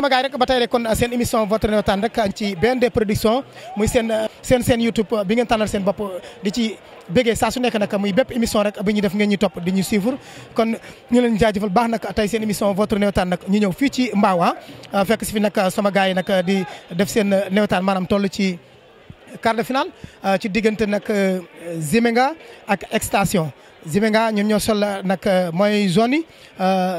sama gars rek ba tey rek kon seen émission votre waxtaan rek ci ben BND production muy seen seen seen YouTube bi ngeen tanal seen bop di ci bëggee sa su nek nak muy bép émission rek bi ñu def ngeen ñuy top di ñu suivre. kon ñu leen jaajeufal baax nak tay seen émission votre waxtaan nak ñu ñew fi ci Mbawa ah, fekk ci fi nak sama gaay nak di def seen waxtaan manam tollu ci quart de finale ah, ci diggante nak ah, Zimenga ak Extension Zimenga ñoom ñoo sol nak moy zone yi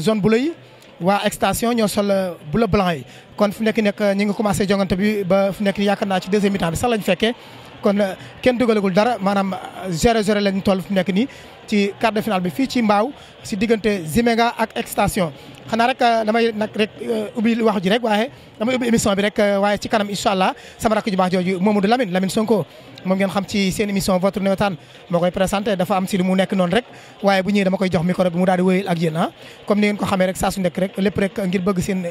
zone bleu yi. waa extension ñoo sol euh, bleu blanc yi kon fu nekk nag ñi ngi commencé jongante bi ba fu nekk yaakaar naa ci deuxième mi-temps bi sax lañ fekkee kon euh, kenn dugalagul dara maanaam euh, zéro zéro lañ toll fu nekk nii ci quart de finale bi fii ci Mbaaw si diggante Zimenga ak Extension xanaa rek euh, damay nag rek euh, ubbi wax ji rek waaye damay ubbi émission bi rek euh, waaye ci kanam incha allah sama rakk ju baax jooju Mamadou Lamine Lamine Sonko moom ngeen xam ci seen émission votre nawetaan moo koy présenté dafa am si lu mu nekk noonu rek waaye bu ñëwee dama koy jox micro bi mu daal di wéyal ak yéen ah comme ni ngeen ko xamee rek saa su nekk rek lépp rek ngir bëgg seen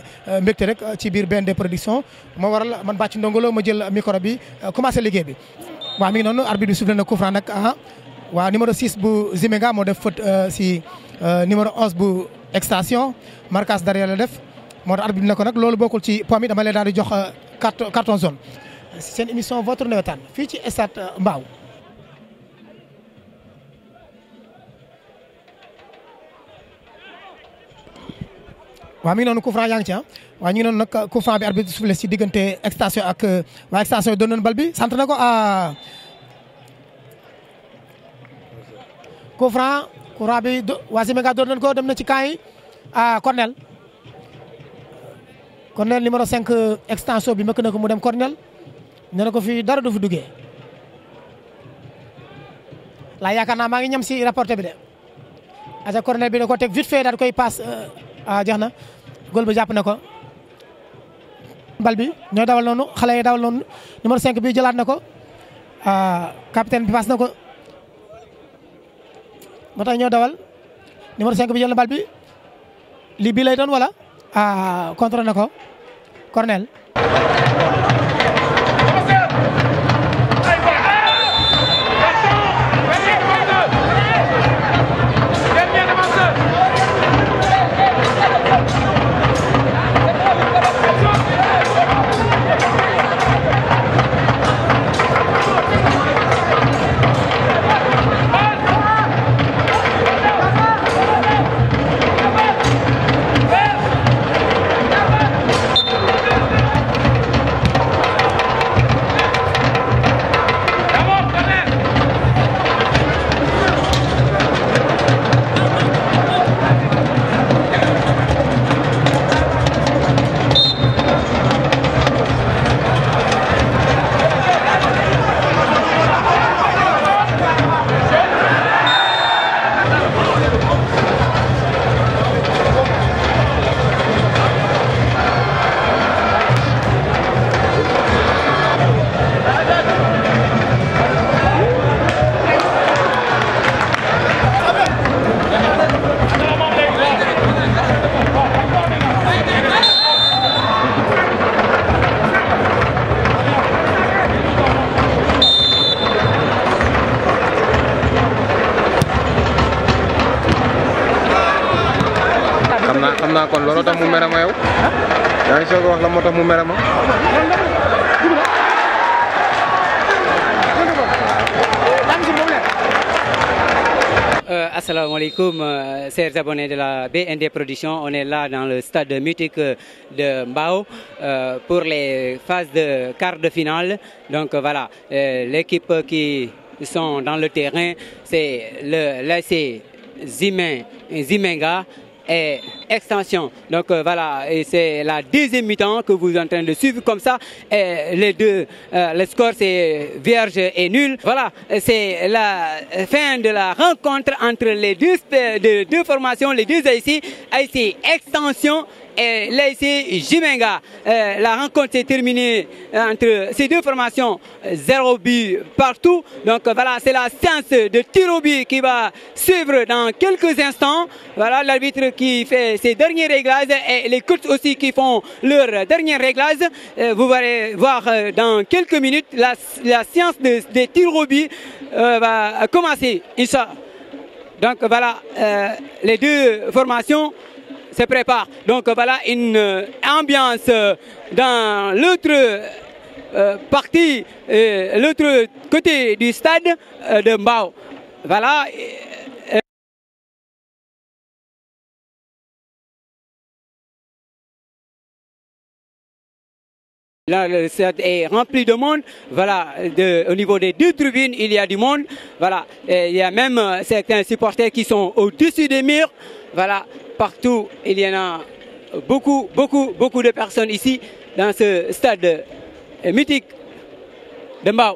mbégte rek ci biir bi commencé liggéey waa numéro 6 bu Zimenga moo def faute euh, si euh, numéro 11 bu extension marquage derrière la def moo tax arbitre bi ko nag loolu bokkul ci poids mi dama lay daal di jox euh, carton carton zone seen émission votre nawetaan fii ci stade Mbao waaw mi ngi noonu coup franc yaa ngi ci ah. ñu ngi noonu nag coup bi arbitre soufflé si diggante extension ak waa extension doon bal bi sant na ko ah. coup franc courant bi wasimega door nañ ko dem na ci kay ah cornel cornel numéro 5 extension bi mëkk na ko mu dem cornel ne na ko fii dara du fi duggé la yakana ma ngi ñam ci rapporté bi de aca cornel bi da ko teg vite fait daal koy passe euh, ah jeex gol ba japp nako bal bi ñooy dawal nonu xalé yi dawal nonu numéro 5 bi jëlat nako ah capitaine bi pass nako moo ñoo dawal numéro cinq bi jël na bal bi lay doon wala ah contre na ko Cornel. naa kon looloo tax mu yow. wax la euh, euh, chers abonnés de la BND Production on est là dans le stade mythique euh, de Mbao pour les phases de quart de finale donc voilà l'équipe qui sont dans le terrain c'est le l'AC Zimenga et extension. Donc euh, voilà, et c'est la deuxième mi-temps que vous êtes en train de suivre comme ça. Et les deux, euh, le score c'est vierge et nul. Voilà, c'est la fin de la rencontre entre les deux, de, deux formations, les deux ici, ici extension et l'AIC Jimenga. Euh, la rencontre s'est terminée entre ces deux formations, zéro but partout. Donc voilà, c'est la séance de tir qui va suivre dans quelques instants. Voilà l'arbitre qui fait ces derniers réglages et les cultes aussi qui font leurs derniers réglages. Euh, vous allez voir euh, dans quelques minutes la, la science des tirs euh, va commencer, Donc voilà, les deux formations se préparent. Donc voilà une ambiance dans l'autre partie, l'autre côté du stade de Mbao. Voilà, Là, le stade est rempli de monde. Voilà, au niveau des deux tribunes, il y a du monde. Voilà, il y a même euh, certains supporters qui sont au-dessus des murs. Voilà, partout, il y en a beaucoup, beaucoup, beaucoup de personnes ici dans ce stade euh, mythique de Mbao.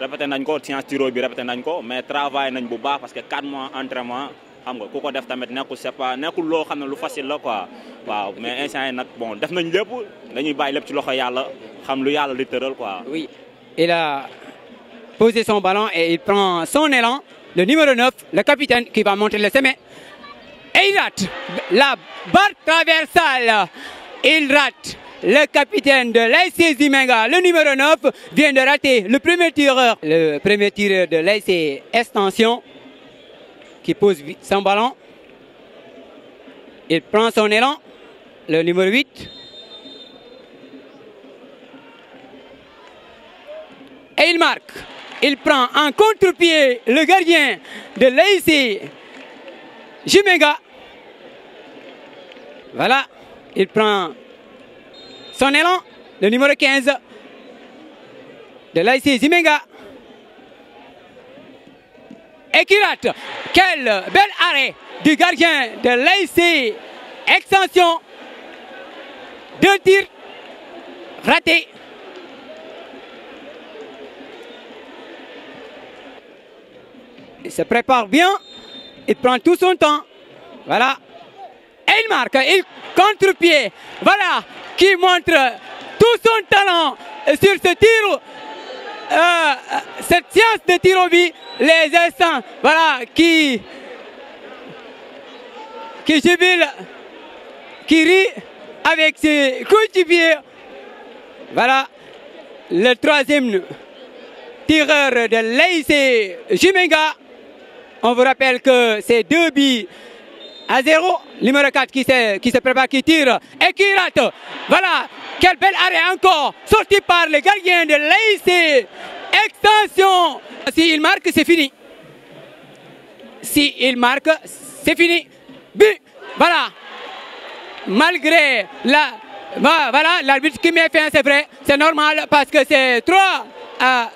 répété nañ ko science tiro bi répété nañ ko mais travail nañ bu baax parce que 4 mois entraînement xam nga ku ko def tamit nekkul c'est pas nekkul lo xam lu facile la quoi waaw mais instant nak bon def nañ lepp dañuy bàyyi lepp ci loxo yàlla xam lu yàlla di tëral quoi. oui il a posé son ballon et il prend son élan le numéro 9 le capitaine qui va monter le sommet et il rate la barre traversale il rate le capitaine de l'AIC Zimenga, le numéro 9, vient de rater le premier tireur. Le premier tireur de l'AIC Extension qui pose son ballon. Il prend son élan, le numéro 8. Et il marque. Il prend en contre-pied le gardien de l'AIC Jimenga. Voilà, il prend son élan, le numéro 15 de l'AIC Zimenga. Et qui Quel bel arrêt du gardien de l'AIC Extension. Deux tirs ratés. Il se prépare bien. Il prend tout son temps. Voilà. Et il marque. Il contre-pied. Voilà qui montre tout son talent sur ce tir, euh, euh, cette science de tir au but, les instants voilà, qui, qui qui rit avec ses coups de pied. Voilà le troisième tireur de l'AIC Jumenga. On vous rappelle que ces deux billes à 0. Numéro 4 qui se, qui se prépare, qui tire et qui rate. Voilà, quel bel arrêt encore. Sorti par les gardiens de l'AIC. Extension. S'il marque, c'est fini. S'il marque, c'est fini. But. Voilà. Malgré la. Voilà, l'arbitre qui met fait c'est vrai. C'est normal parce que c'est 3 à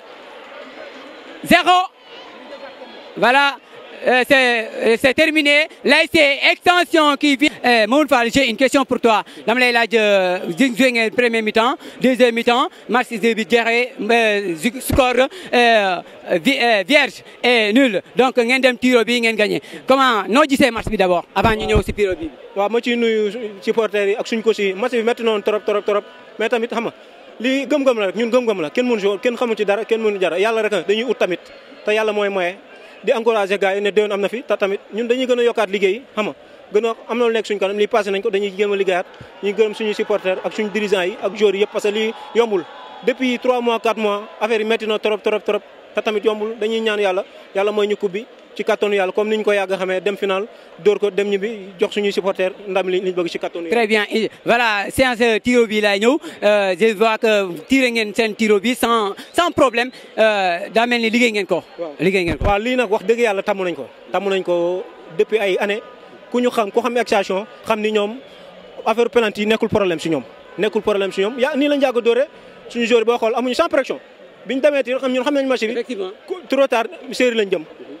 0. Voilà. Euh, euh, c'est terminé. Là, c'est extension qui vient. Euh, j'ai une question pour toi. Dans les premier mi-temps, deuxième mi-temps, match de Bidjaré, score vierge et nul. Donc, vous avez gagné. Comment nous disons le match d'abord, avant de nous au Wa Je suis nuyu supporter suñ je match bi metti non torop torop torop mais tamit xam nga li gëm-gëm la ñun gëm-gëm la kenn mënu kenn xamul ci dara kenn mënu jara yalla rek dañuy ut tamit te yalla di encouragé gars yi ne déwén am na fi te tamit ñun dañuy gën a yokkaat liggéey xam gën a am na lu nekk suñu kanam lii passé nañ ko dañuy gën a liggéeyaat ñu gërëm suñu supporters ak suñu dirigeants yi ak joueurs yi yëpp parce que lii yombul depuis 3 mois 4 mois affaire yi métti trop trop trop te tamit yombul dañuy ñaan yàlla yàlla mooy ñu coupe bi ci carton yalla comme niñ ko yag xamé dem final dóor ko dem ñibi jox suñu supporters ndam li ñu bëgg ci carton très bien voilà séance euh, tiro bi laay ñëw euh, je vois que tiré ngeen sen tiro bi sans sans problème euh da melni liggéey ngeen ko. liggéey ngeen ko wa li nak wax deug yalla tàmm nañ ko. tàmm nañ ko depuis ay année ku ñu xam ku xam action xam ni ñoom affaire penalty nekul problème ci ñom nekul problème ci ñom ya ni lañ jago a suñu joueur bo xol amuñu sans pression biñ demee xam ñu xam nañ match bi. trop tard série lañ jëm. Mhm.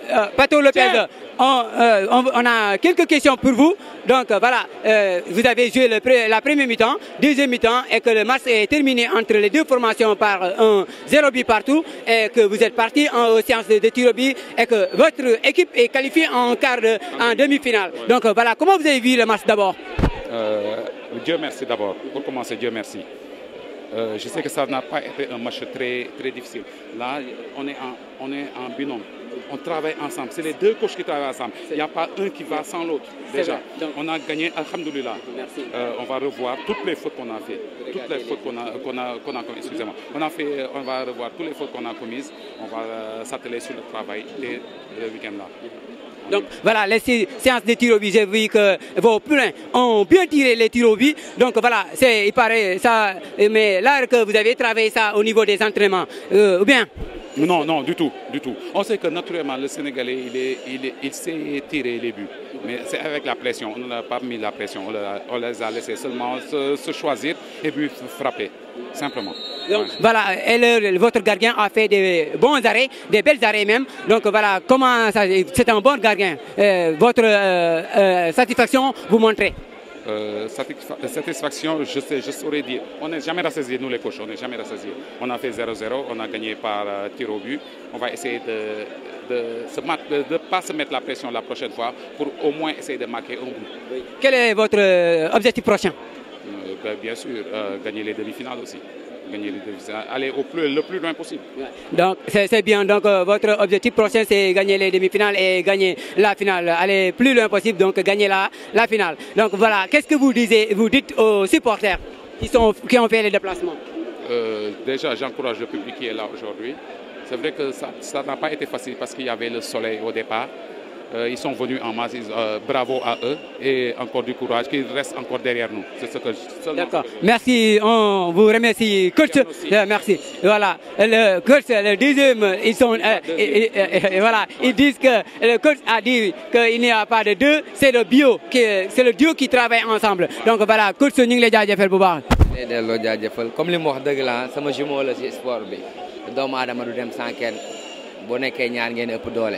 Euh, Pato Lopez, euh, euh, on, a quelques questions pour vous. Donc voilà, vous avez joué la première mi-temps, deuxième mi-temps, et que le match est terminé entre les deux formations par un zéro but partout, et que vous êtes parti en séance de, au et que votre équipe est qualifiée en quart en demi-finale. Donc voilà, comment vous avez vu le match d'abord Dieu merci d'abord. Pour commencer, Dieu merci. je sais que ça n'a pas été un match très, très difficile. Là, on est on est en binôme on travaille ensemble. C'est les deux couches qui travaillent ensemble. Il n'y a pas un qui va sans l'autre. Déjà, on a gagné, Alhamdoulilah. Euh, on va revoir toutes les fautes qu'on a fait, Toutes les fautes qu'on a, qu'on a, commises. Excusez-moi. On, a fait, euh, on va revoir toutes les fautes qu'on a commises. On va euh, s'atteler sur le travail le week-end-là. Donc voilà, les séances de tirs au j'ai vu que vos poulains ont bien tiré les tirs au Donc voilà, il paraît ça. Mais là que vous avez travaillé ça au niveau des entraînements, ou bien. Non, non, du tout, du tout. On sait que naturellement, le Sénégalais, il, est, il, est, il sait tirer les buts. Mais c'est avec la pression. On n'a pas mis la pression. On, les a laissés seulement se, choisir et puis frapper, simplement. Donc, voilà, et votre gardien a fait des bons arrêts, des belles arrêts même. Donc voilà, comment c'est un bon gardien. Euh, votre euh, euh, satisfaction vous montrez. Euh, euh, satisfaction, je, sais, je saurais dire. On n'est jamais rassasiés, nous les coachs, on n'est jamais rassasiés. On a fait 0-0, on a gagné par euh, tir au but. On va essayer de ne pas se mettre la pression la prochaine fois pour au moins essayer de marquer un but. Quel est votre objectif prochain ben, Bien sûr, gagner les demi-finales aussi gagner les demi-finales, aller au plus, le plus loin possible. Donc c'est bien, donc euh, votre objectif prochain c'est gagner les demi-finales et gagner la finale, aller plus loin possible, donc gagner la, la finale. Donc voilà, qu'est-ce que vous, vous dites aux supporters qui, sont, qui ont fait les déplacements euh, Déjà, j'encourage le public qui est là aujourd'hui. C'est vrai que ça n'a pas été facile parce qu'il y avait le soleil au départ. Euh, ils sont venus en masse, euh, bravo à eux et encore du courage, qu'ils restent encore derrière nous. C'est ce que je... D'accord. Merci, on vous remercie. Coach, euh, merci. Voilà, le coach, le deuxième, ils sont, et, voilà, ils disent que le coach a dit qu'il n'y a pas de deux, c'est le bio, c'est le duo qui travaille ensemble. Donc voilà, coach, nous sommes Comme les mots de là, c'est mon jumeau, le sport. Le dôme Adam Adem Sanken, bonne je suis un peu d'olé.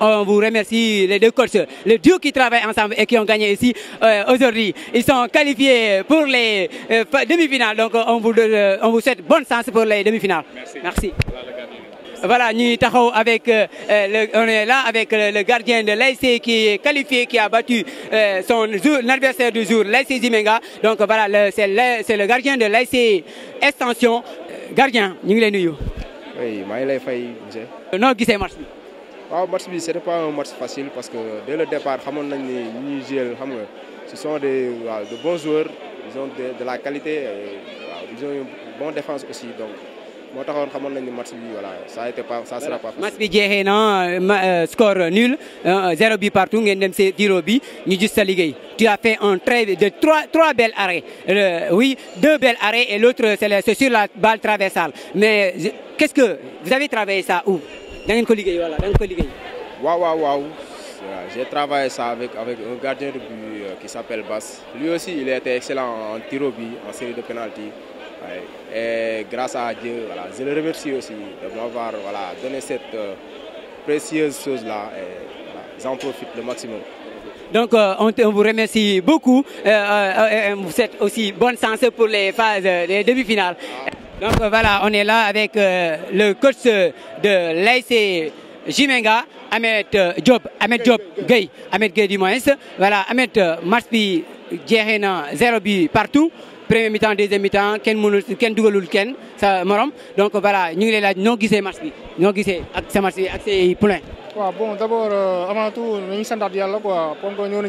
on vous remercie les deux coachs, les deux qui travaillent ensemble et qui ont gagné ici euh, aujourd'hui. Ils sont qualifiés pour les euh, demi-finales, donc on vous, souhaite bon sens pour les demi-finales. Merci. Voilà, nous sommes avec, euh, on est là avec le, gardien de l'AIC qui est qualifié, qui a battu son adversaire du jour, l'AIC Zimenga. Donc voilà, c'est le, gardien de l'AIC Extension. Gardien, nous sommes là. Oui, je suis là. Non, qui c'est waaw ah, match bi c'était pas un match facile parce que dès le départ ni ce sont des de bons joueurs ils ont de, la qualité ils ont une bonne défense aussi donc moo ça été pas ça sera pas facile. match bi euh, score nul 0 euh, bi partout ngeen dem see bi ñu juste la tu as fait un très de trois trois belles arrêts euh, oui deux belles arrêts et l'autre c'est sur la balle traversale mais qu'est-ce que vous avez travaillé ça où j'ai travaillé ça avec avec un gardien de but euh, qui s'appelle Bass. lui aussi il était excellent en tir en série de penalty et grâce à Dieu voilà je le remercie aussi de m'avoir voilà donné cette euh, précieuse chose là et j'en profite le maximum. Donc, euh, on, vous remercie beaucoup. vous êtes aussi bonne chance pour les phases, les demi-finales. Ah. Donc euh, voilà, on est là avec euh, le coach de l'AIC Jimenga, Ahmed Job, euh, Ahmed Job Gay, Ahmed Gay du moins. Voilà, Ahmed Marspi Djerena, zéro partout. Premier mi-temps, deuxième mi-temps, Ken Ken ça Donc voilà, nous nous non là, Marspi, non là, nous Marspi, bon, d'abord, avant tout, nous sommes nous nous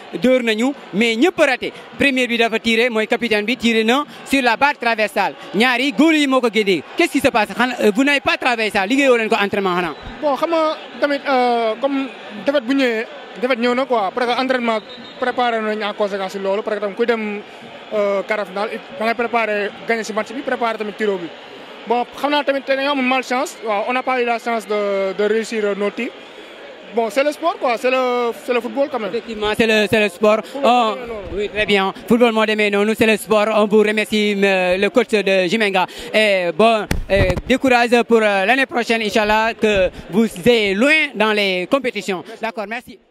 dóor nañu mais ñepp raté premier bi dafa tiré moy capitaine bi tiré na sur la barre traversale ñaari góol yi moo ko qu'est-ce qui se passe xanaa euh, vous n'avez pas travaillé ça liggéeyoo leen ko entraînement xanaa. bon xam nga tamit euh, comme défaite bu ñëwee défaite ñëw na quoi parce que entraînement préparé nañ en conséquence lolu parce que tam kuy dem euh, quart final da ngay préparé gagné si match bi préparer tamit tiro bi bon xam naa tamit dañoo am malchance waaw on n'a pas eu la chance de de réussir nos tirs. Bon, c'est le sport, quoi. C'est le, c'est le football, quand même. Effectivement, c'est le, c'est le sport. Oh, oui, très bien. Football Modemé, non, nous, c'est le sport. On vous remercie euh, le coach de Jimenga. Et bon, euh, du courage pour euh, l'année prochaine, Inch'Allah, que vous ayez loin dans les compétitions. D'accord, merci.